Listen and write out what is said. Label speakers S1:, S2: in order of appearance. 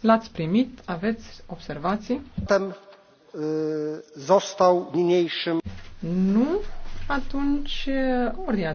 S1: L-ați primit, aveți observații? Zostau niniejszym. Nu, atunci ori